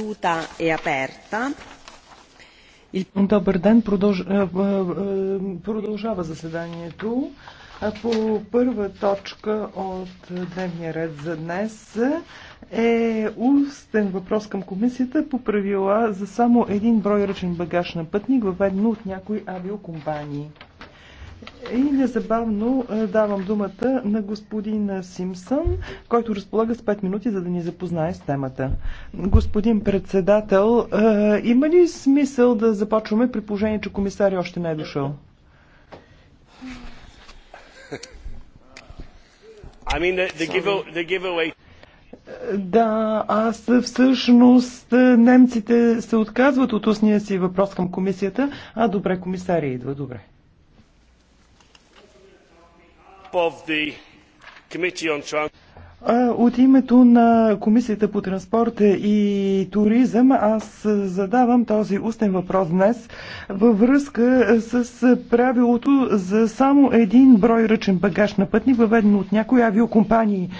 seduta è aperta. Добър ден, продълж... продължава заседанието. По първа точка от дневния ред за днес е устен въпрос към комисията по правила за само един брой ръчен багаж на пътник, въведено от някои авиокомпании. И незабавно е, давам думата на господин Симпсън, който разполага с 5 минути, за да ни запознае с темата. Господин председател, е, има ли смисъл да започваме при положение, че комисари още не е дошъл? I mean, the, the, the giveaway... Да, аз всъщност е, немците се отказват от устния си въпрос към комисията. А, добре, комисария идва, добре. От името на Комисията по транспорта и туризъм аз задавам този устен въпрос днес във връзка с правилото за само един брой ръчен багаж на пътни, въведено от някои авиокомпании.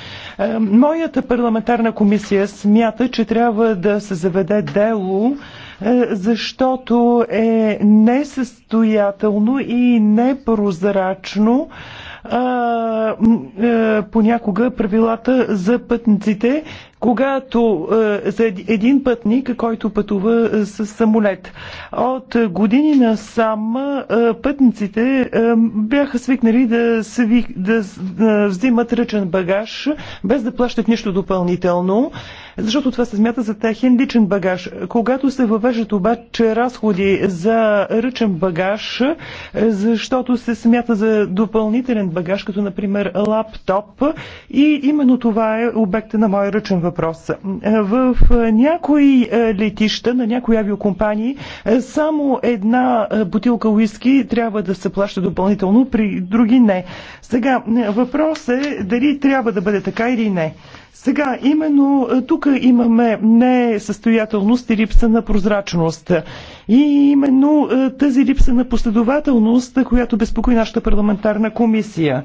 Моята парламентарна комисия смята, че трябва да се заведе дело защото е несъстоятелно и непрозрачно понякога правилата за пътниците когато е, за един пътник, който пътува е, с самолет. От години на сам е, пътниците бяха свикнали да, сви, да взимат ръчен багаж, без да плащат нищо допълнително, защото това се смята за техен личен багаж. Когато се въвеждат обаче разходи за ръчен багаж, защото се смята за допълнителен багаж, като например лаптоп, и именно това е обекта на мой ръчен багаж въпрос. В някои е, летища на някои авиокомпании е, само една е, бутилка уиски трябва да се плаща допълнително, при други не. Сега въпрос е дали трябва да бъде така или не. Сега, именно тук имаме несъстоятелност и липса на прозрачност. И именно тази липса на последователност, която безпокои нашата парламентарна комисия.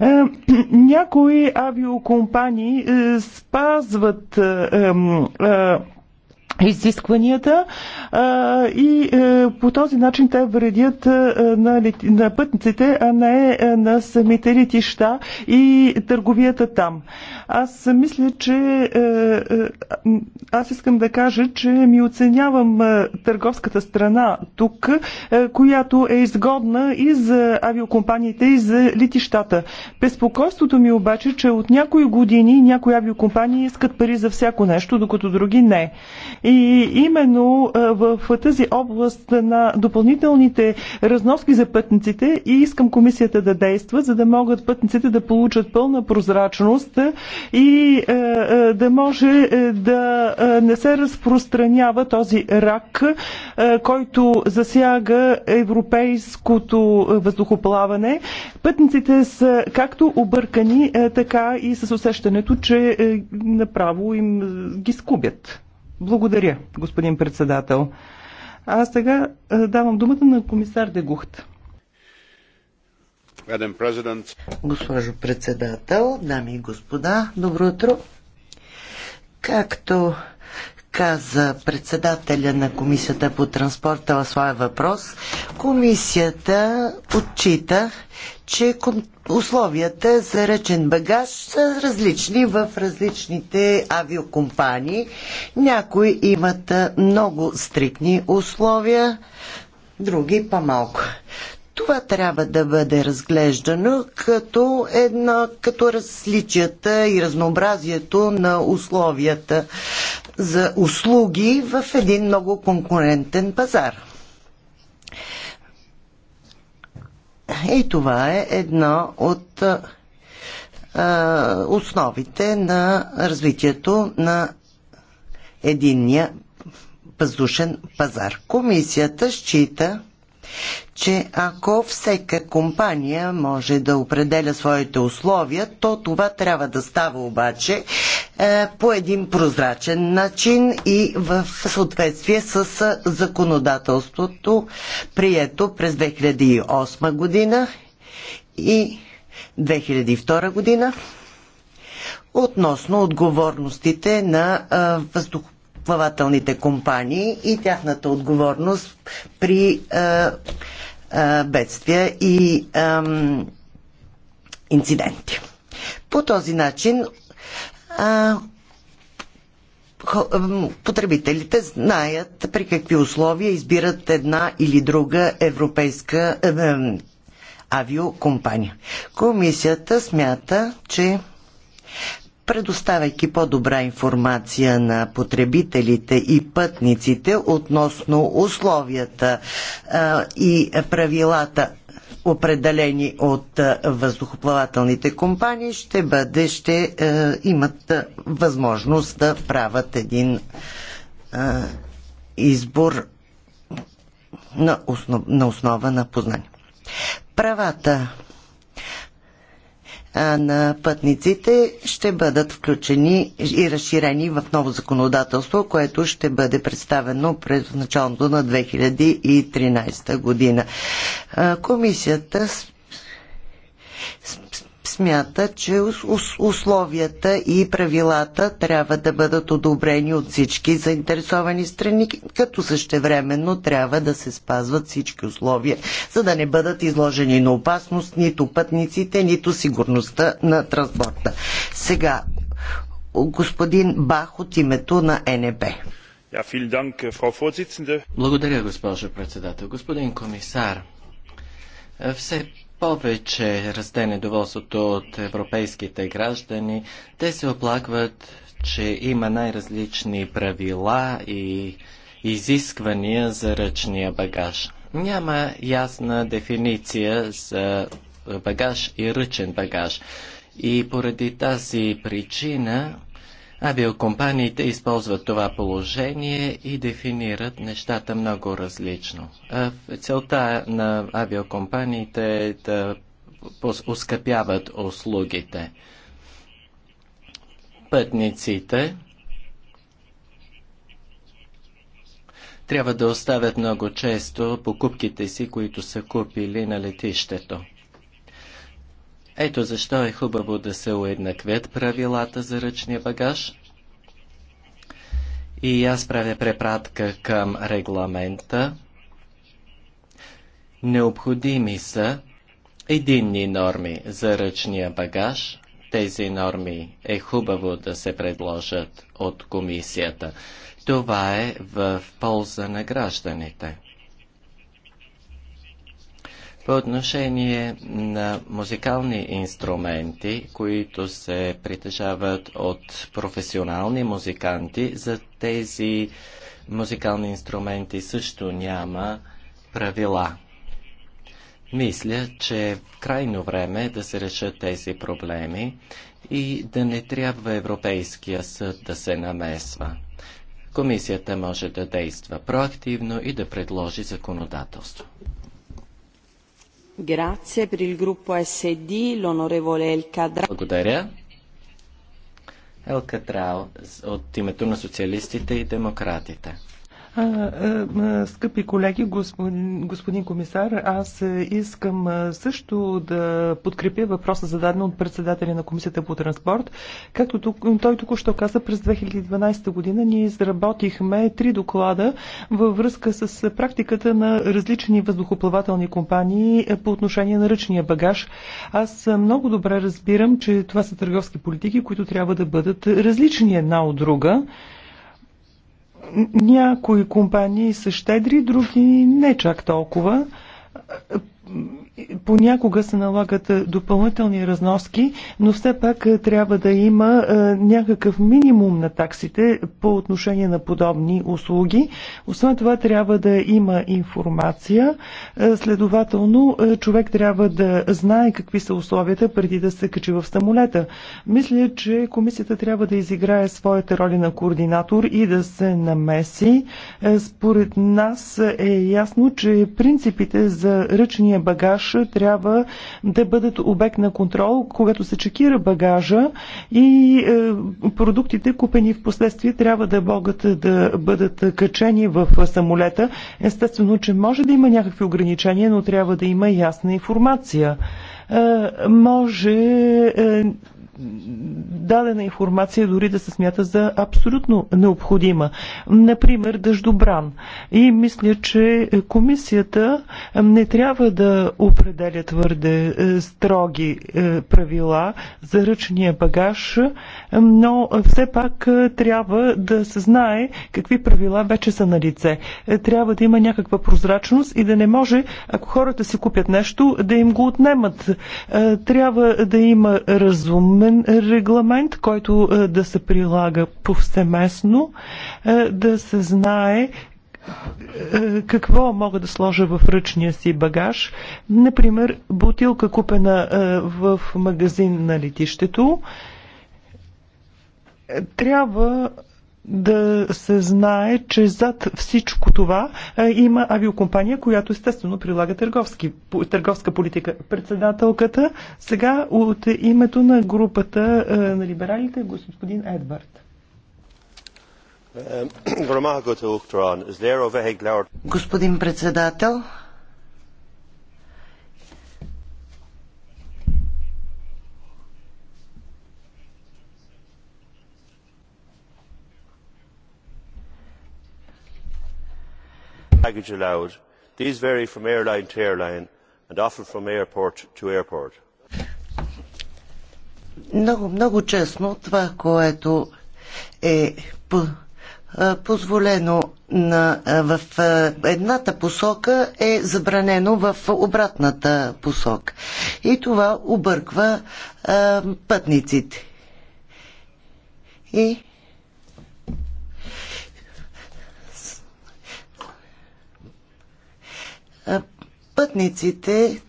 Е, някои авиокомпании е, спазват е, изискванията а, и а, е, по този начин те вредят а, е, на, лети, на пътниците, а не а, е, на самите летища и търговията там. Аз мисля, че а, аз искам да кажа, че ми оценявам а, търговската страна тук, а, която е изгодна и за авиокомпаниите, и за летищата. Безпокойството ми обаче, че от някои години някои авиокомпании искат пари за всяко нещо, докато други не. И именно в тази област на допълнителните разноски за пътниците и искам комисията да действа, за да могат пътниците да получат пълна прозрачност и да може да не се разпространява този рак, който засяга европейското въздухоплаване. Пътниците са както объркани, така и с усещането, че направо им ги скубят. Благодаря, господин председател. А сега е, давам думата на комисар Дегухт. Госпожо председател, дами и господа, добро утро. Както каза председателя на Комисията по транспорта в е своя въпрос, комисията отчита, че условията за ръчен багаж са различни в различните авиокомпании. Някои имат много стрикни условия, други по-малко. Това трябва да бъде разглеждано като едно, като различията и разнообразието на условията за услуги в един много конкурентен пазар. И това е едно от а, основите на развитието на единния въздушен пазар. Комисията счита, че ако всяка компания може да определя своите условия, то това трябва да става обаче е, по един прозрачен начин и в съответствие с е, законодателството, прието през 2008 година и 2002 година относно отговорностите на е, въздух плавателните компании и тяхната отговорност при а, е, а, е, бедствия и а, е, инциденти. По този начин а, потребителите знаят при какви условия избират една или друга европейска е, авиокомпания. Комисията смята, че предоставяйки по-добра информация на потребителите и пътниците относно условията а, и правилата определени от въздухоплавателните компании, ще бъде, ще е, имат възможност да правят един е, избор на, основ, на основа на познание. Правата на пътниците ще бъдат включени и разширени в ново законодателство, което ще бъде представено през началото на 2013 година. Комисията смята, че условията и правилата трябва да бъдат одобрени от всички заинтересовани страни, като същевременно трябва да се спазват всички условия, за да не бъдат изложени на опасност нито пътниците, нито сигурността на транспорта. Сега, господин Бах от името на НБ. Благодаря, госпожо председател. Господин комисар, все повече расте недоволството от европейските граждани. Те се оплакват, че има най-различни правила и изисквания за ръчния багаж. Няма ясна дефиниция за багаж и ръчен багаж. И поради тази причина Авиокомпаниите използват това положение и дефинират нещата много различно. Целта на авиокомпаниите е да ускъпяват услугите. Пътниците трябва да оставят много често покупките си, които са купили на летището. Ето защо е хубаво да се уеднаквят правилата за ръчния багаж. И аз правя препратка към регламента. Необходими са единни норми за ръчния багаж. Тези норми е хубаво да се предложат от комисията. Това е в полза на гражданите. По отношение на музикални инструменти, които се притежават от професионални музиканти, за тези музикални инструменти също няма правила. Мисля, че е крайно време да се решат тези проблеми и да не трябва Европейския съд да се намесва. Комисията може да действа проактивно и да предложи законодателство. Благодаря. Елка Трао от името на социалистите и демократите. Скъпи колеги, господин, господин комисар, аз искам също да подкрепя въпроса зададен от председателя на Комисията по транспорт. Както тук, той току-що каза, през 2012 година ние изработихме три доклада във връзка с практиката на различни въздухоплавателни компании по отношение на ръчния багаж. Аз много добре разбирам, че това са търговски политики, които трябва да бъдат различни една от друга. Някои компании са щедри, други не чак толкова понякога се налагат е, допълнителни разноски, но все пак е, трябва да има е, някакъв минимум на таксите по отношение на подобни услуги. Освен това трябва да има информация. Следователно, човек трябва да знае какви са условията преди да се качи в самолета. Мисля, че комисията трябва да изиграе своята роля на координатор и да се намеси. Според нас е ясно, че принципите за ръчния багаж багаж трябва да бъдат обект на контрол, когато се чекира багажа и е, продуктите, купени в последствие, трябва да могат да бъдат качени в самолета. Естествено, че може да има някакви ограничения, но трябва да има ясна информация. Е, може е, дадена информация дори да се смята за абсолютно необходима. Например, дъждобран. И мисля, че комисията не трябва да определя твърде е, строги е, правила за ръчния багаж, но все пак е, трябва да се знае какви правила вече са на лице. Трябва да има някаква прозрачност и да не може, ако хората си купят нещо, да им го отнемат. Трябва да има разумен подобен регламент, който е, да се прилага повсеместно, е, да се знае е, какво мога да сложа в ръчния си багаж. Например, бутилка купена в магазин на летището. Трябва да се знае, че зад всичко това е, има авиокомпания, която естествено прилага търговски, търговска политика. Председателката сега от името на групата е, на либералите господин Едвард. Е, господин председател, baggage allowed. These vary from airline to airline and often from airport to airport. Много, много честно това, което е позволено на, в едната посока е забранено в обратната посока. И това обърква пътниците. И пътниците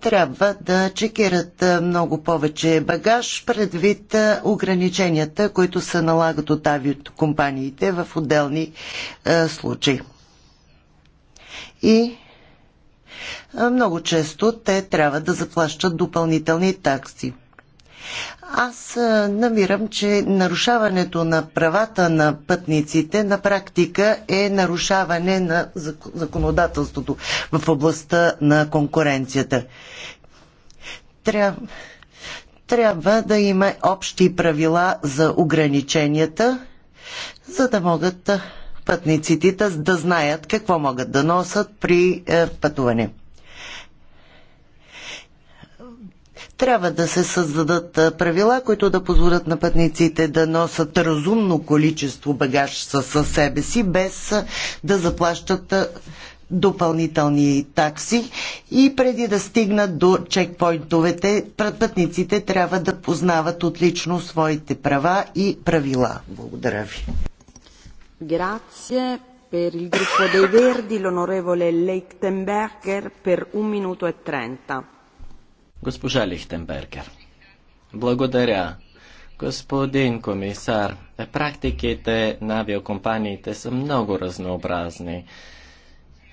трябва да чекират много повече багаж предвид ограниченията, които се налагат от авиокомпаниите в отделни случаи. И много често те трябва да заплащат допълнителни такси. Аз намирам, че нарушаването на правата на пътниците на практика е нарушаване на законодателството в областта на конкуренцията. Трябва, трябва да има общи правила за ограниченията, за да могат пътниците да знаят какво могат да носят при е, пътуване. Трябва да се създадат правила, които да позволят на пътниците да носят разумно количество багаж със себе си, без да заплащат допълнителни такси и преди да стигнат до чекпойнтовете, пътниците трябва да познават отлично своите права и правила. Благодаря ви. Grazie per il gruppo dei Verdi l'onorevole Leichtenberger per 1 minuto e Госпожа Лихтенбергер. Благодаря. Господин комисар, практиките на авиокомпаниите са много разнообразни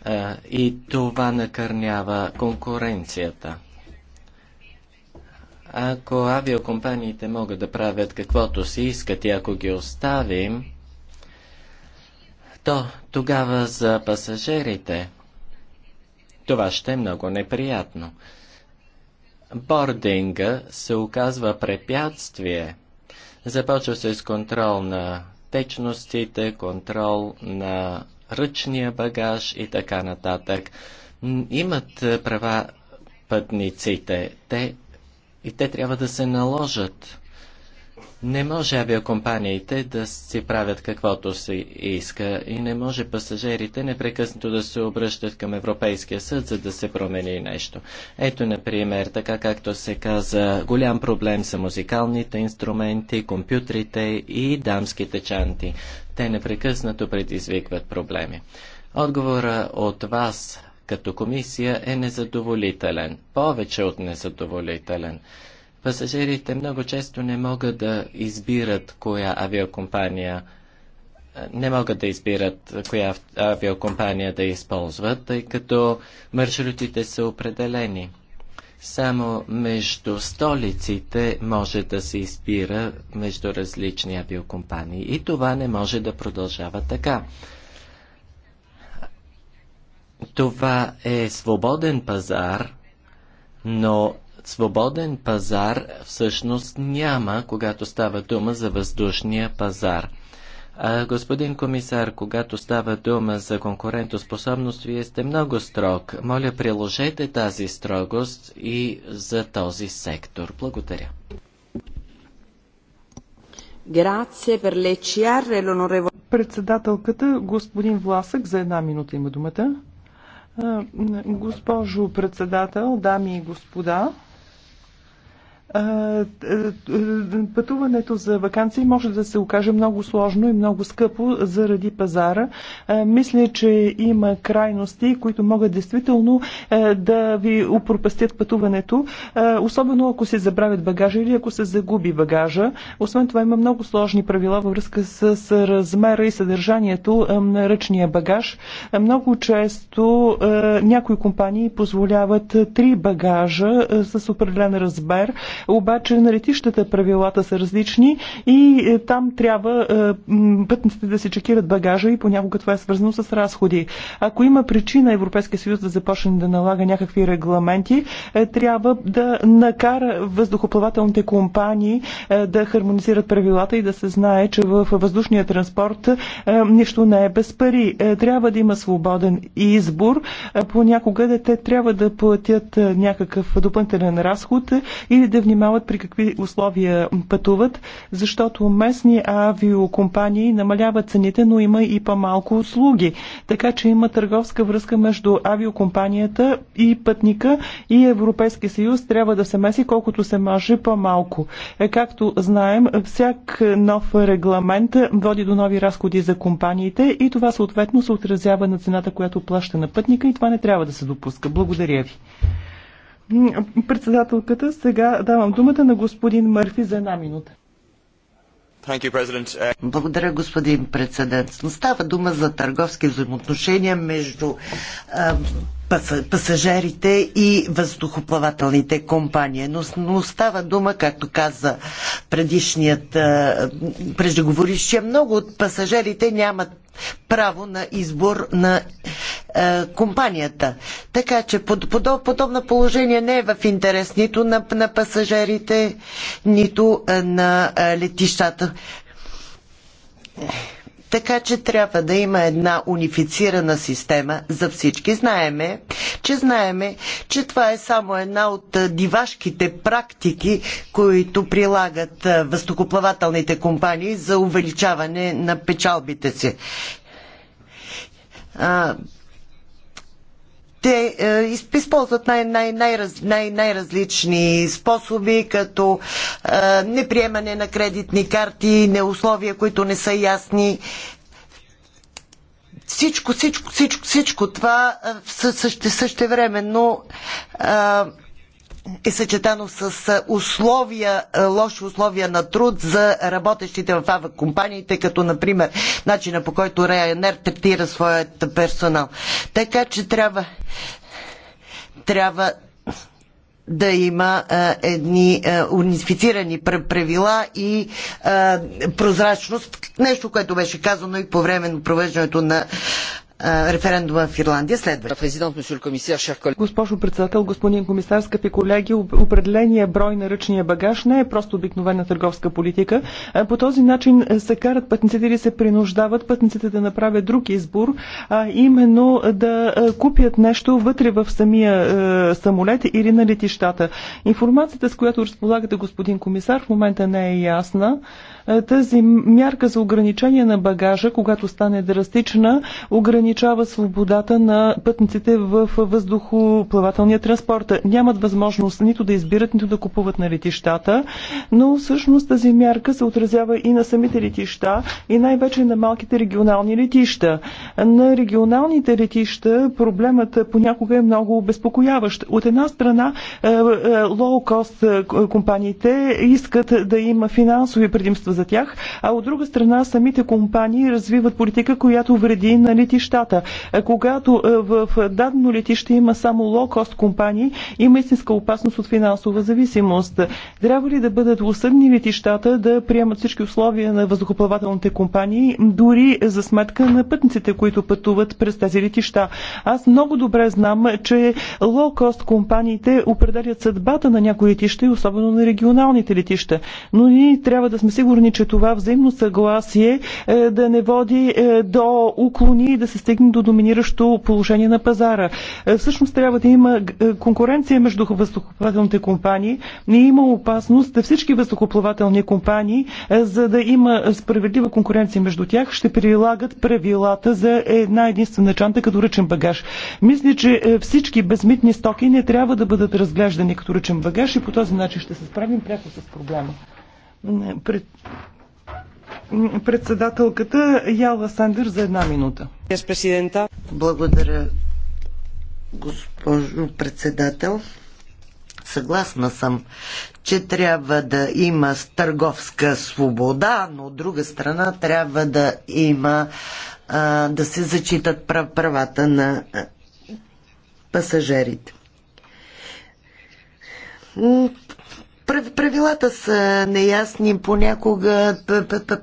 е, и това накърнява конкуренцията. Ако авиокомпаниите могат да правят каквото си искат и ако ги оставим, то тогава за пасажирите това ще е много неприятно бординга се оказва препятствие. Започва се с контрол на течностите, контрол на ръчния багаж и така нататък. Имат е, права пътниците. Те и те трябва да се наложат. Не може авиокомпаниите да си правят каквото си иска и не може пасажирите непрекъснато да се обръщат към Европейския съд, за да се промени нещо. Ето, например, така както се каза, голям проблем са музикалните инструменти, компютрите и дамските чанти. Те непрекъснато предизвикват проблеми. Отговора от вас като комисия е незадоволителен, повече от незадоволителен. Пасажирите много често не могат да избират коя авиокомпания не могат да избират коя авиокомпания да използват, тъй като маршрутите са определени. Само между столиците може да се избира между различни авиокомпании и това не може да продължава така. Това е свободен пазар, но Свободен пазар всъщност няма, когато става дума за въздушния пазар. А, господин комисар, когато става дума за конкурентоспособност, вие сте много строг. Моля, приложете тази строгост и за този сектор. Благодаря. Е Председателката, господин Власък, за една минута има думата. Госпожо председател, дами и господа, е, е, пътуването за вакансии може да се окаже много сложно и много скъпо заради пазара. Мисля, че има крайности, които могат действително е, да ви упропастят пътуването, особено ако се забравят багажа или ако се загуби багажа. Освен това има много сложни правила във връзка с размера и съдържанието на ръчния багаж. Много често някои компании позволяват три багажа с определен размер, обаче на летищата правилата са различни и е, там трябва е, пътниците да си чекират багажа и понякога това е свързано с разходи. Ако има причина Европейския съюз да започне да налага някакви регламенти, е, трябва да накара въздухоплавателните компании да хармонизират правилата и да се знае, че в въздушния транспорт нищо не е без пари. Трябва да има свободен избор. Понякога те трябва да платят някакъв допълнителен разход или да внимават внимават при какви условия пътуват, защото местни авиокомпании намаляват цените, но има и по-малко услуги. Така че има търговска връзка между авиокомпанията и пътника и Европейския съюз трябва да се меси колкото се може по-малко. Е, както знаем, всяк нов регламент води до нови разходи за компаниите и това съответно се отразява на цената, която плаща на пътника и това не трябва да се допуска. Благодаря ви. Председателката, сега давам думата на господин Мърфи за една минута. Благодаря, господин председател. Става дума за търговски взаимоотношения между пасажерите и въздухоплавателните компании. Но, но става дума, както каза предишният преждеговорище, много от пасажерите нямат право на избор на е, компанията. Така че под, под, подобно положение не е в интерес нито на, на пасажирите, нито е, на е, летищата. Така че трябва да има една унифицирана система за всички. Знаеме, че знаеме, че това е само една от дивашките практики, които прилагат въздухоплавателните компании за увеличаване на печалбите си те е, използват най- най- най-раз, най- раз най различни способи, като е, неприемане на кредитни карти, не условия, които не са ясни. Всичко, всичко, всичко, всичко това е, същевременно е, е съчетано с условия, лоши условия на труд за работещите в компаниите, като например начина по който Ryanair третира своят персонал. Така че трябва, трябва да има а, едни а, унифицирани правила и а, прозрачност. Нещо, което беше казано и по време на провеждането на референдума в Ирландия следва. Госпожо председател, господин комисар, скъпи колеги, определения брой на ръчния багаж не е просто обикновена търговска политика. По този начин се карат пътниците или се принуждават пътниците да направят друг избор, а именно да купят нещо вътре в самия самолет или на летищата. Информацията, с която разполагате, господин комисар, в момента не е ясна. Тази мярка за ограничение на багажа, когато стане драстична, ограничава свободата на пътниците в въздухоплавателния транспорт. Нямат възможност нито да избират, нито да купуват на летищата, но всъщност тази мярка се отразява и на самите летища, и най-вече на малките регионални летища. На регионалните летища проблемът понякога е много обезпокояващ. От една страна, лоукост е, е, е, компаниите искат да има финансови предимства за тях, а от друга страна самите компании развиват политика, която вреди на летищата. Е, когато е, в дадено летище има само лоу-кост компании, има истинска опасност от финансова зависимост. Трябва ли да бъдат усъдни летищата да приемат всички условия на въздухоплавателните компании, дори за сметка на пътниците, които пътуват през тези летища? Аз много добре знам, че кост компаниите определят съдбата на някои летища и особено на регионалните летища. Но ние трябва да сме сигурни, ни, че това взаимно съгласие е, да не води е, до уклони и да се стигне до доминиращо положение на пазара. Е, всъщност трябва да има конкуренция между въздухоплавателните компании. Не има опасност да всички въздухоплавателни компании, за да има справедлива конкуренция между тях, ще прилагат правилата за една единствена чанта като ръчен багаж. Мисля, че всички безмитни стоки не трябва да бъдат разглеждани като ръчен багаж и по този начин ще се справим пряко с проблема пред, председателката Яла Сандер за една минута. Благодаря, госпожо председател. Съгласна съм, че трябва да има търговска свобода, но от друга страна трябва да има а, да се зачитат правата на пасажерите. Правилата са неясни, понякога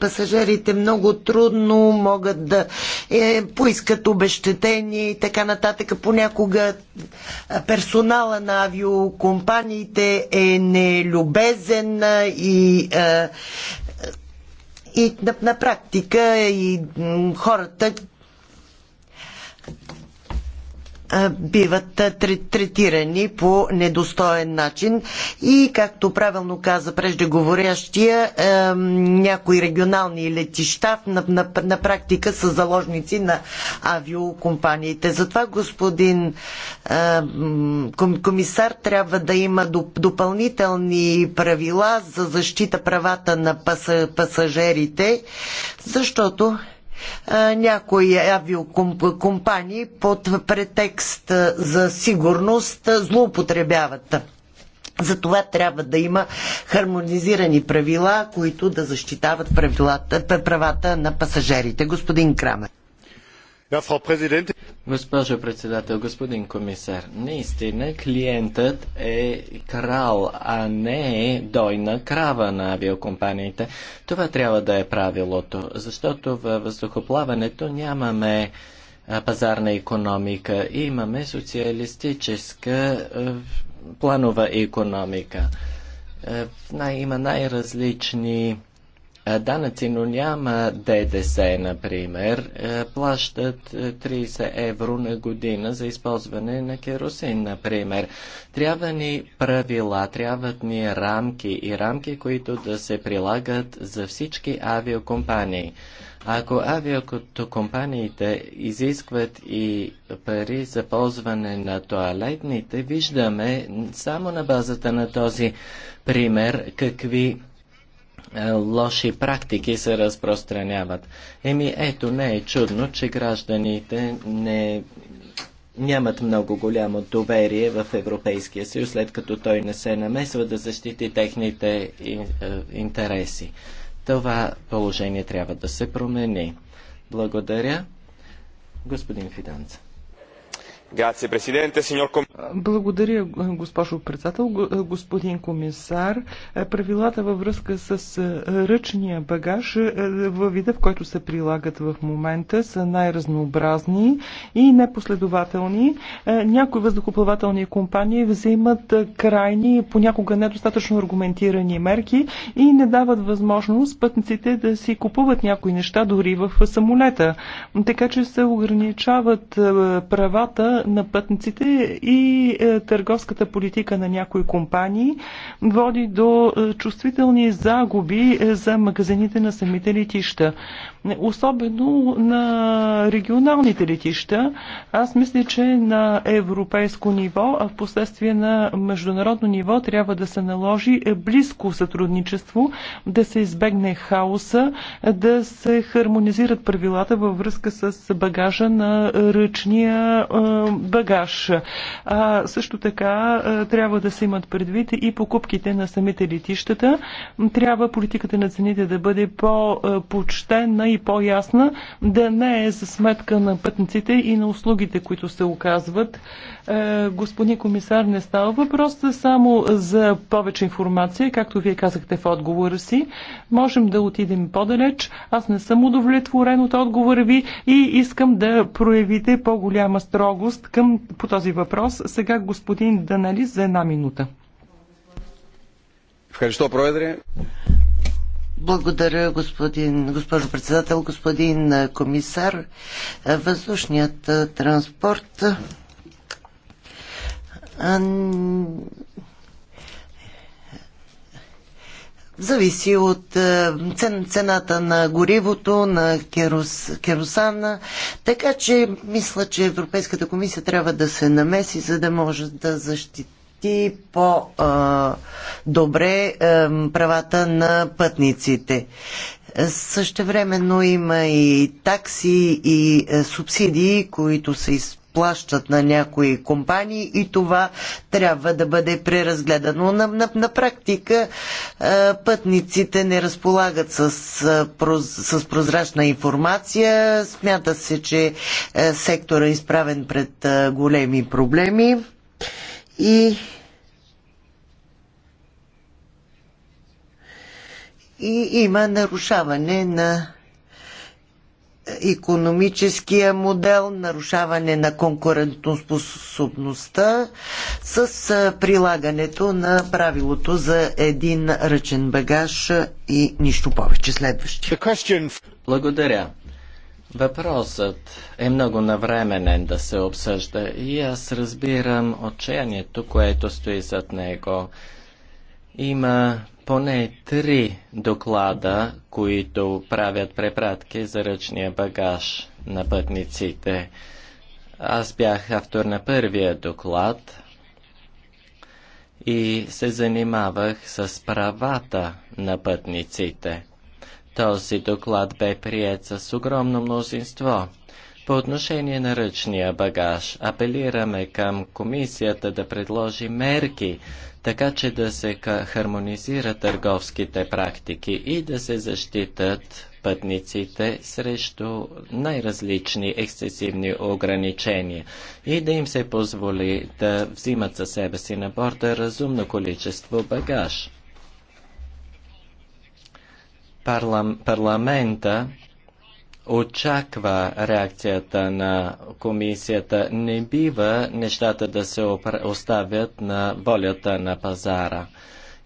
пасажирите много трудно могат да е, поискат обещетение и така нататък. Понякога персонала на авиокомпаниите е нелюбезен и и на, на практика и хората биват третирани по недостоен начин и, както правилно каза преждеговорящия, някои регионални летища на, на, на практика са заложници на авиокомпаниите. Затова, господин комисар, трябва да има допълнителни правила за защита правата на пасажирите, защото някои авиокомпании под претекст за сигурност злоупотребяват. Затова трябва да има хармонизирани правила, които да защитават правата на пасажирите. Господин Крамер. Госпожо председател, господин комисар, наистина клиентът е крал, а не е дойна крава на авиокомпаниите. Това трябва да е правилото, защото във въздухоплаването нямаме пазарна економика, имаме социалистическа планова економика. Има най-различни данъци, но няма ДДС, например, плащат 30 евро на година за използване на керосин, например. Трябва ни правила, трябват ни рамки и рамки, които да се прилагат за всички авиокомпании. Ако авиокомпаниите изискват и пари за ползване на туалетните, виждаме само на базата на този пример какви е, лоши практики се разпространяват. Еми ето не е чудно, че гражданите не нямат много голямо доверие в Европейския съюз, след като той не се намесва да защити техните е, интереси. Това положение трябва да се промени. Благодаря, господин Фиданца. Благодаря, госпожо председател. Господин комисар, правилата във връзка с ръчния багаж във вида, в който се прилагат в момента, са най-разнообразни и непоследователни. Някои въздухоплавателни компании взимат крайни, понякога недостатъчно аргументирани мерки и не дават възможност пътниците да си купуват някои неща дори в самолета. Така че се ограничават правата на пътниците и е, търговската политика на някои компании води до е, чувствителни загуби е, за магазините на самите летища особено на регионалните летища. Аз мисля, че на европейско ниво, а в последствие на международно ниво трябва да се наложи близко сътрудничество, да се избегне хаоса, да се хармонизират правилата във връзка с багажа на ръчния багаж. А, също така трябва да се имат предвид и покупките на самите летищата. Трябва политиката на цените да бъде по-почтена и по-ясна, да не е за сметка на пътниците и на услугите, които се оказват. Е, господин комисар, не става въпрос само за повече информация, както вие казахте в отговора си. Можем да отидем по-далеч. Аз не съм удовлетворен от отговора ви и искам да проявите по-голяма строгост към, по този въпрос. Сега господин Данелис, за една минута. Ευχαριστώ, Πρόεδρε. Благодаря, господин, госпожо председател, господин комисар. Въздушният транспорт зависи от цената на горивото, на керос, керосана. Така че мисля, че Европейската комисия трябва да се намеси, за да може да защити защити по-добре правата на пътниците. Същевременно има и такси и е, субсидии, които се изплащат на някои компании и това трябва да бъде преразгледано. На, на, на практика е, пътниците не разполагат с, е, с прозрачна информация. Смята се, че сектора е изправен пред големи проблеми и и има нарушаване на економическия модел, нарушаване на конкурентоспособността с прилагането на правилото за един ръчен багаж и нищо повече. Следващи. Благодаря. Въпросът е много навременен да се обсъжда и аз разбирам отчаянието, което стои зад него. Има поне три доклада, които правят препратки за ръчния багаж на пътниците. Аз бях автор на първия доклад и се занимавах с правата на пътниците. Този доклад бе прият с огромно мнозинство. По отношение на ръчния багаж, апелираме към комисията да предложи мерки, така че да се хармонизират търговските практики и да се защитат пътниците срещу най-различни ексцесивни ограничения и да им се позволи да взимат със себе си на борда разумно количество багаж. Парлам, парламента очаква реакцията на комисията. Не бива нещата да се оставят на волята на пазара.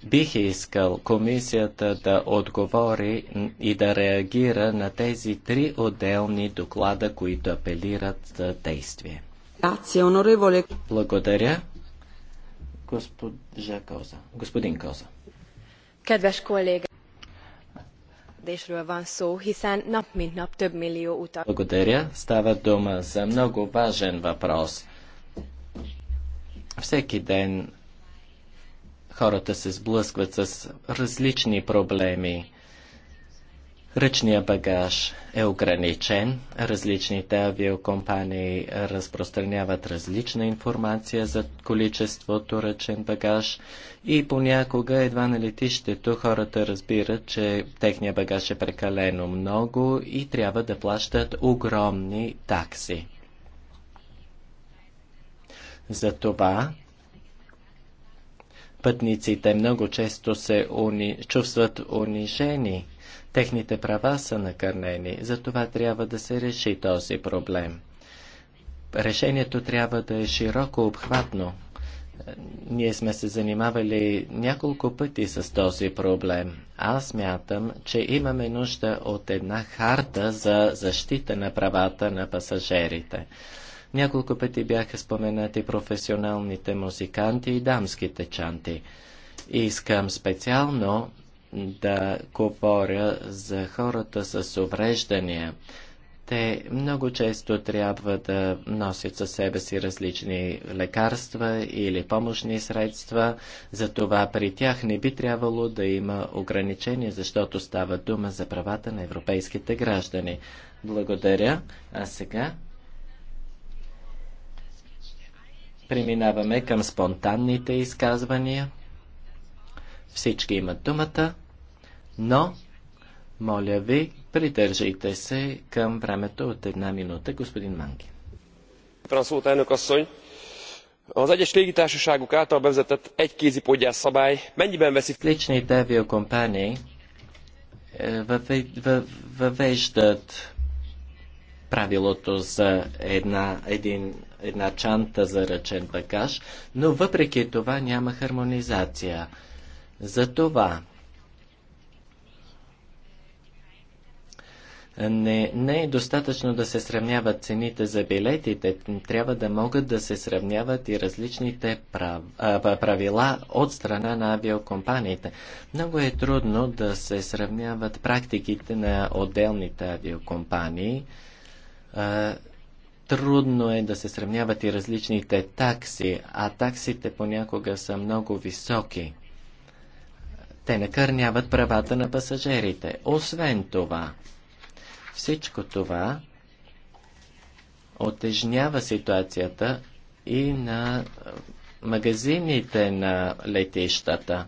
Бих искал комисията да отговори и да реагира на тези три отделни доклада, които апелират за действие. Благодаря. Коза. Господин Коза kérdésről van szó, hiszen nap mint nap több millió utas. Благодаря. Става дума за много важен въпрос. Всеки ден хората се сблъскват с различни проблеми. Ръчния багаж е ограничен. Различните авиокомпании разпространяват различна информация за количеството ръчен багаж и понякога едва на летището хората разбират, че техния багаж е прекалено много и трябва да плащат огромни такси. Затова пътниците много често се уни... чувстват унижени Техните права са накърнени. Затова трябва да се реши този проблем. Решението трябва да е широко обхватно. Ние сме се занимавали няколко пъти с този проблем. Аз мятам, че имаме нужда от една харта за защита на правата на пасажирите. Няколко пъти бяха споменати професионалните музиканти и дамските чанти. Искам специално да говоря за хората с увреждания. Те много често трябва да носят със себе си различни лекарства или помощни средства. Затова при тях не би трябвало да има ограничения, защото става дума за правата на европейските граждани. Благодаря. А сега преминаваме към спонтанните изказвания. Всички имат думата. Но, моля ви, придържайте се към времето от една минута, господин Манки. Az egyes légitársaságok által bevezetett egykézi podgyász szabály mennyiben veszi... Личните авиокомпании е, въвеждат правилото за една, един, една чанта за ръчен багаж, но въпреки това няма хармонизация. За това Не, не е достатъчно да се сравняват цените за билетите, трябва да могат да се сравняват и различните прав, а, правила от страна на авиокомпаниите. Много е трудно да се сравняват практиките на отделните авиокомпании. А, трудно е да се сравняват и различните такси, а таксите понякога са много високи. Те накърняват правата на пасажирите. Освен това, всичко това отежнява ситуацията и на магазините на летищата.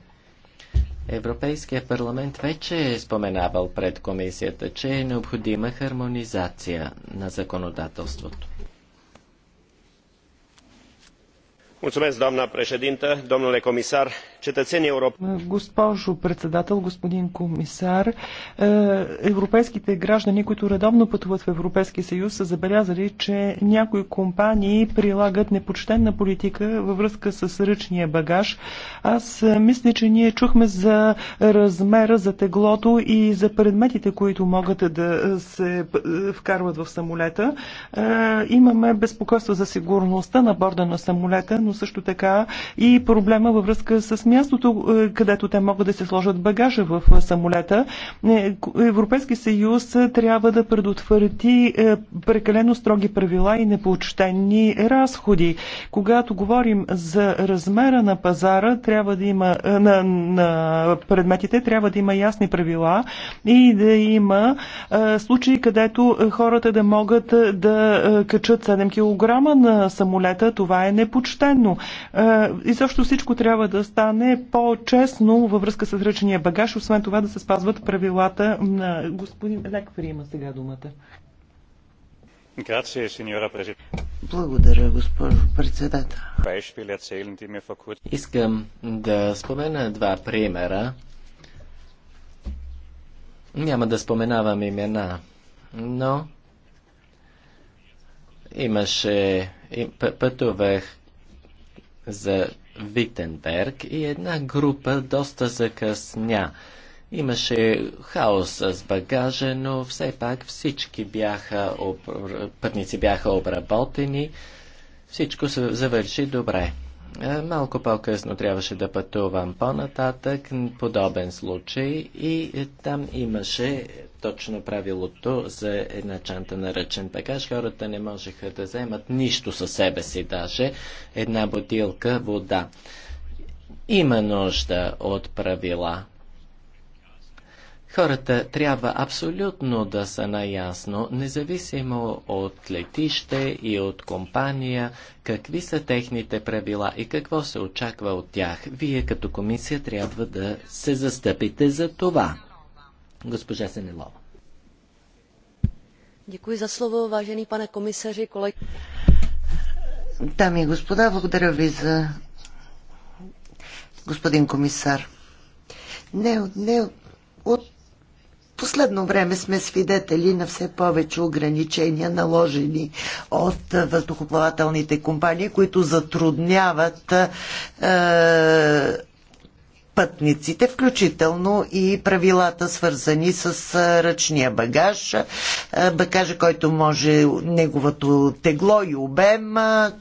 Европейския парламент вече е споменавал пред комисията, че е необходима хармонизация на законодателството. Mulțumesc, doamna președintă, domnule comisar, cetățenii europeni. Госпожо председател, господин комисар, е, европейските граждани, които редовно пътуват в Европейския съюз, са забелязали, че някои компании прилагат непочтенна политика във връзка с ръчния багаж. Аз е, мисля, че ние чухме за размера, за теглото и за предметите, които могат да се е, вкарват в самолета. Имаме безпокойство за сигурността на борда на самолета, но също така и проблема във връзка с мястото, е, където те могат да се сложат багажа в е, самолета. Е, Европейски съюз трябва да предотврати прекалено строги правила и непочтени разходи. Когато говорим за размера на пазара, трябва да има на, на предметите, трябва да има ясни правила и да има случаи, където хората да могат да качат 7 кг на самолета. Това е непочтено. И също всичко трябва да стане изискване е по-честно във връзка с ръчния багаж, освен това да се спазват правилата на господин Леквари има сега думата. Благодаря, госпожо председател. Искам да спомена два примера. Няма да споменавам имена, но имаше, пътувах за Виттенберг и една група доста закъсня. Имаше хаос с багажа, но все пак всички бяха, пътници бяха обработени. Всичко се завърши добре. Е, малко по-късно трябваше да пътувам по-нататък, подобен случай и е, там имаше точно правилото за една чанта на ръчен багаж. Хората не можеха да вземат нищо със себе си даже, една бутилка вода. Има нужда от правила. Хората трябва абсолютно да са наясно, независимо от летище и от компания, какви са техните правила и какво се очаква от тях. Вие като комисия трябва да се застъпите за това. Госпожа Сенелова. Дякую за слово, уважени пане комисари, koleg... Дами и господа, благодаря ви за господин комисар. Не, не, от последно време сме свидетели на все повече ограничения, наложени от въздухоплавателните компании, които затрудняват е, пътниците, включително и правилата свързани с е, ръчния багаж, е, багажа, който може неговото тегло и обем. Е,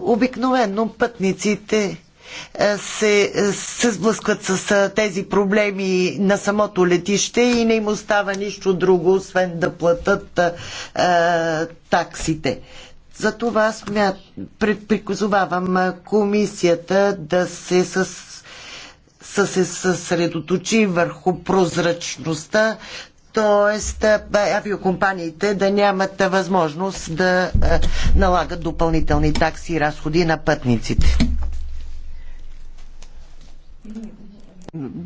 обикновено пътниците е, се, е, се сблъскват с е, тези проблеми на самото летище и не им остава нищо друго, освен да платят таксите. Затова смят, комисията да се със са се съсредоточи върху прозрачността, т.е. авиокомпаниите да нямат възможност да налагат допълнителни такси и разходи на пътниците.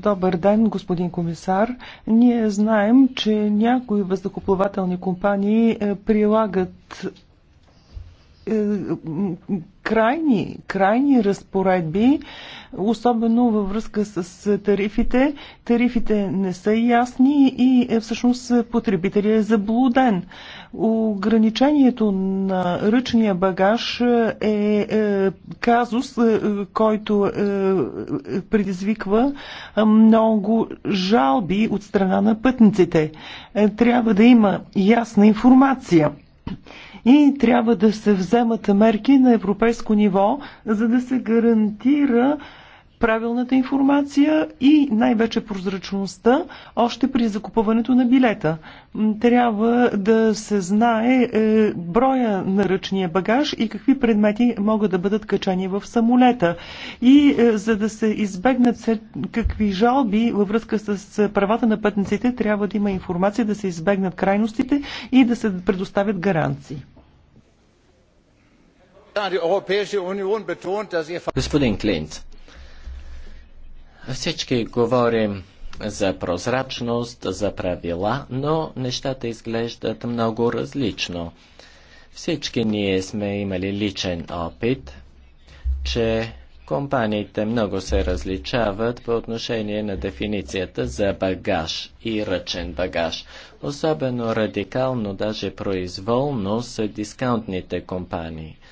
Добър ден, господин комисар. Ние знаем, че някои въздухоплавателни компании е, прилагат е, крайни, крайни разпоредби, особено във връзка с тарифите. Тарифите не са ясни и е, всъщност потребителят е заблуден. Ограничението на ръчния багаж е, е казус, който предизвиква много жалби от страна на пътниците. Трябва да има ясна информация и трябва да се вземат мерки на европейско ниво, за да се гарантира правилната информация и най-вече прозрачността още при закупуването на билета. Трябва да се знае е, броя на ръчния багаж и какви предмети могат да бъдат качени в самолета. И е, за да се избегнат какви жалби във връзка с правата на пътниците, трябва да има информация, да се избегнат крайностите и да се предоставят гаранции. Господин Клинт, всички говорим за прозрачност, за правила, но нещата изглеждат много различно. Всички ние сме имали личен опит, че компаниите много се различават по отношение на дефиницията за багаж и ръчен багаж. Особено радикално, даже произволно са дискаунтните компании –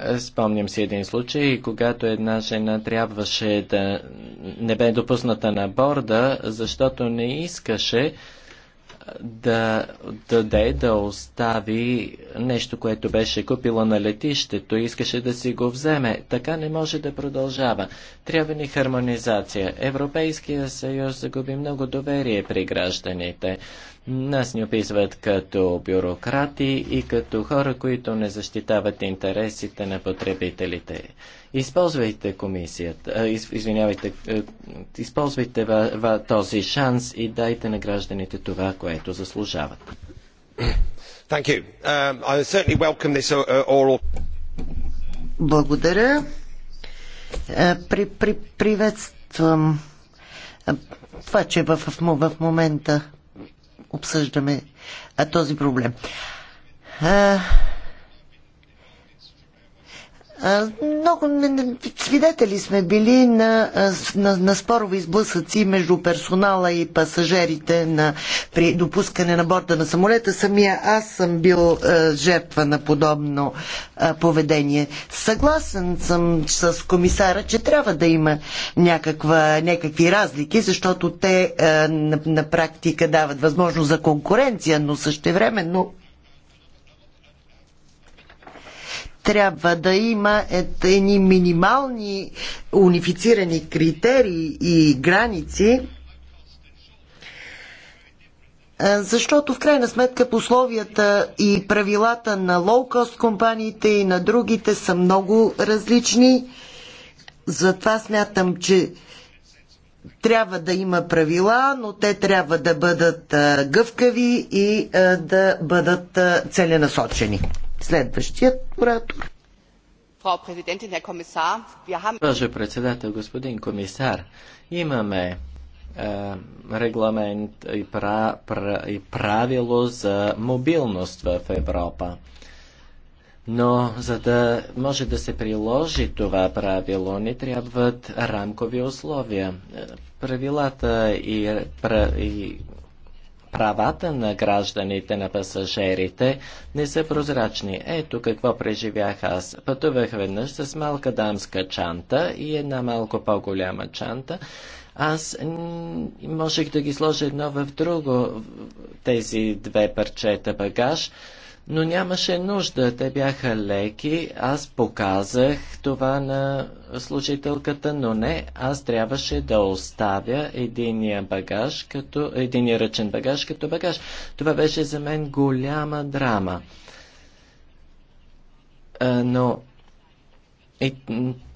е, спомням си един случай, когато една жена трябваше да не бе допусната на борда, защото не искаше да даде, да остави нещо, което беше купила на летището, искаше да си го вземе. Така не може да продължава. Трябва ни хармонизация. Европейския съюз загуби много доверие при гражданите. Нас ни описват като бюрократи и като хора, които не защитават интересите на потребителите. Използвайте комисията, извинявайте, използвайте този шанс и дайте на гражданите това, което заслужават. Um, uh, uh, Благодаря. Е, при, при, приветствам е, това, че в, в, в момента обсъждаме този проблем. Много свидетели сме били на, на, на спорови сблъсъци между персонала и пасажерите на, при допускане на борта на самолета. Самия аз съм бил жертва на подобно поведение. Съгласен съм с комисара, че трябва да има някаква, някакви разлики, защото те на, на практика дават възможност за конкуренция, но същевременно трябва да има едни минимални унифицирани критерии и граници, е, защото в крайна сметка пословията и правилата на лоукост компаниите и на другите са много различни. Затова смятам, че трябва да има правила, но те трябва да бъдат е, гъвкави и е, да бъдат целенасочени. Следващият оратор. Госпожо председател, господин комисар, имаме е, регламент и, пра, пра, и правило за мобилност в Европа. Но за да може да се приложи това правило, ни трябват рамкови условия. Е, правилата и, и правата на гражданите, на пасажирите не са прозрачни. Ето какво преживях аз. Пътувах веднъж с малка дамска чанта и една малко по-голяма чанта. Аз можех да ги сложа едно в друго тези две парчета багаж но нямаше нужда. Те бяха леки. Аз показах това на служителката, но не. Аз трябваше да оставя единия багаж като, единия ръчен багаж като багаж. Това беше за мен голяма драма. Но е,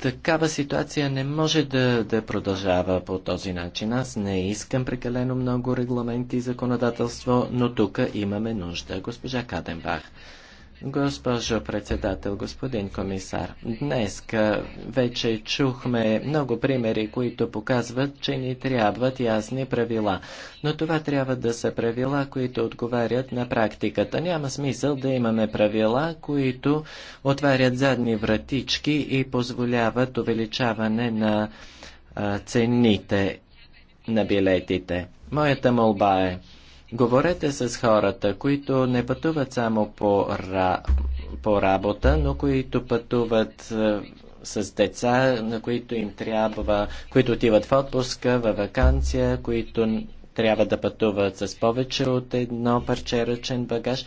такава ситуация не може да, да продължава по този начин. Аз не искам прекалено много регламенти и законодателство, но тук имаме нужда. Госпожа Каденбах. Госпожо председател, господин комисар, днес вече чухме много примери, които показват, че ни трябват ясни правила. Но това трябва да са правила, които отговарят на практиката. Няма смисъл да имаме правила, които отварят задни вратички и позволяват увеличаване на цените на билетите. Моята молба е Говорете с хората, които не пътуват само по, ра по работа, но които пътуват е, с деца, на които им трябва, които отиват в отпуска, във вакансия, които трябва да пътуват с повече от едно парче ръчен багаж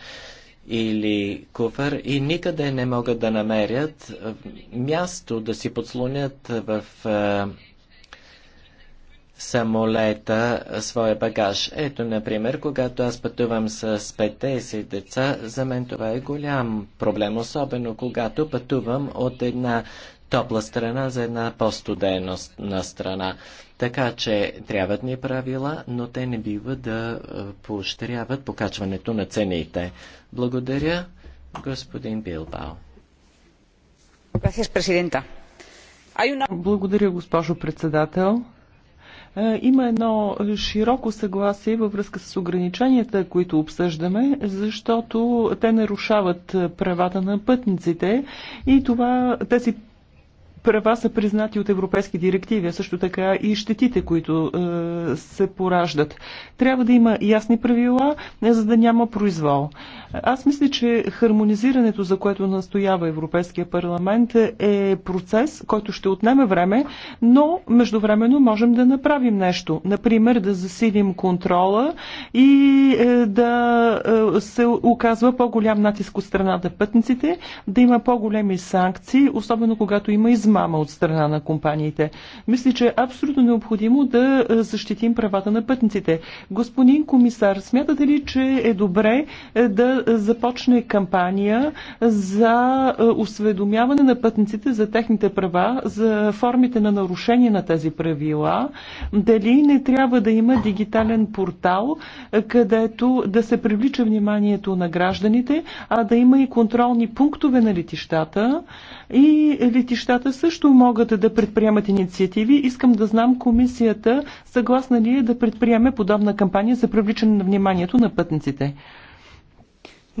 или куфър и никъде не могат да намерят е, място да си подслонят в е, самолета своя багаж. Ето, например, когато аз пътувам с 50 деца, за мен това е голям проблем, особено когато пътувам от една топла страна за една по-студена страна. Така че трябват ни правила, но те не бива да поощряват покачването на цените. Благодаря, господин Билбао. Благодаря, госпожо председател. Е, има едно широко съгласие във връзка с ограниченията, които обсъждаме, защото те нарушават правата на пътниците и това, тези права са признати от европейски директиви, а също така и щетите, които е, се пораждат. Трябва да има ясни правила, не за да няма произвол. Аз мисля, че хармонизирането, за което настоява Европейския парламент, е процес, който ще отнеме време, но междувременно можем да направим нещо. Например, да засилим контрола и е, да е, се оказва по-голям натиск от страната пътниците, да има по-големи санкции, особено когато има измама измама от страна на компаниите. Мисля, че е абсолютно необходимо да е, защитим правата на пътниците. Господин комисар, смятате ли, че е добре е, да започне кампания за е, осведомяване на пътниците за техните права, за формите на нарушение на тези правила? Дали не трябва да има дигитален портал, където да се привлича вниманието на гражданите, а да има и контролни пунктове на летищата? И летищата също могат да предприемат инициативи. Искам да знам комисията съгласна ли е да предприеме подобна кампания за привличане на вниманието на пътниците.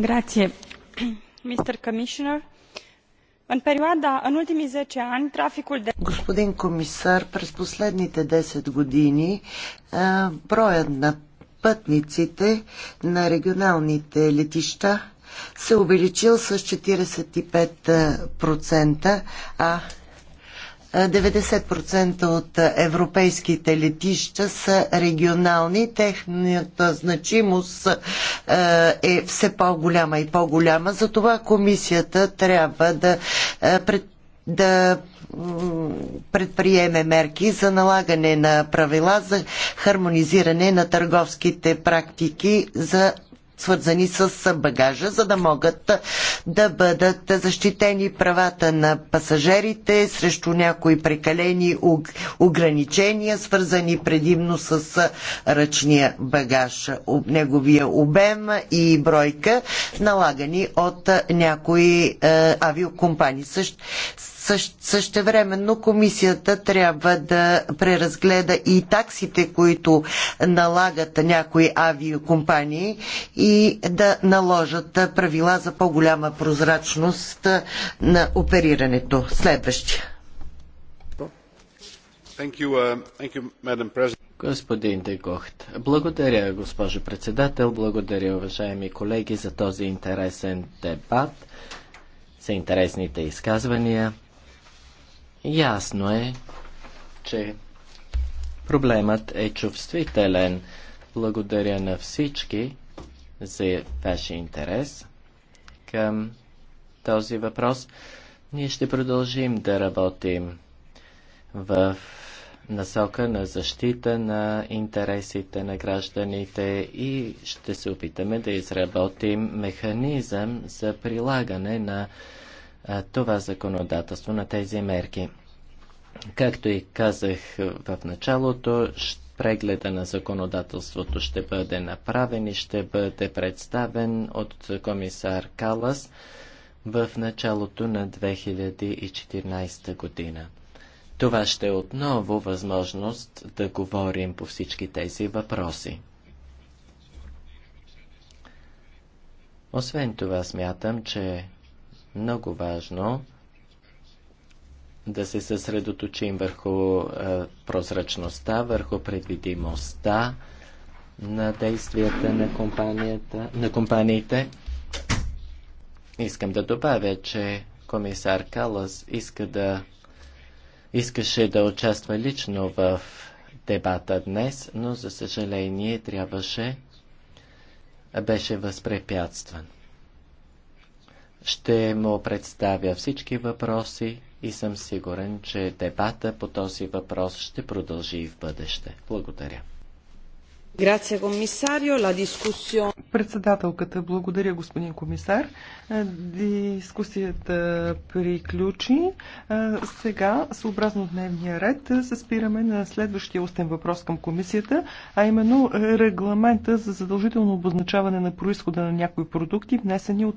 Grazie. Mr. Commissioner, în perioada, în ultimii 10 ani, traficul de... Господин комисар, през последните 10 години броят на пътниците на регионалните летища се увеличил с 45%, а 90% от европейските летища са регионални. Техната значимост е все по-голяма и по-голяма. Затова комисията трябва да, пред, да предприеме мерки за налагане на правила за хармонизиране на търговските практики за свързани с багажа, за да могат да бъдат защитени правата на пасажерите срещу някои прекалени ограничения, свързани предимно с ръчния багаж, неговия обем и бройка, налагани от някои е, авиокомпании. Същевременно комисията трябва да преразгледа и таксите, които налагат някои авиокомпании и да наложат правила за по-голяма прозрачност на оперирането. Следващия. Uh, Господин Дегохт, благодаря, госпожо председател, благодаря, уважаеми колеги, за този интересен дебат, за интересните изказвания. Ясно е, че проблемът е чувствителен. Благодаря на всички за вашия интерес към този въпрос. Ние ще продължим да работим в насока на защита на интересите на гражданите и ще се опитаме да изработим механизъм за прилагане на това законодателство, на тези мерки. Както и казах в началото, прегледа на законодателството ще бъде направен и ще бъде представен от комисар Калас в началото на 2014 година. Това ще е отново възможност да говорим по всички тези въпроси. Освен това смятам, че много важно да се съсредоточим върху е, прозрачността, върху предвидимостта на действията на, компанията, на компаниите. Искам да добавя, че комисар Калас иска да, искаше да участва лично в дебата днес, но за съжаление трябваше беше възпрепятстван. Ще му представя всички въпроси и съм сигурен, че дебата по този въпрос ще продължи и в бъдеще. Благодаря. Председателката, благодаря господин комисар. Е, дискусията приключи. Е, сега, съобразно дневния ред, се спираме на следващия устен въпрос към комисията, а именно регламента за задължително обозначаване на происхода на някои продукти, внесени от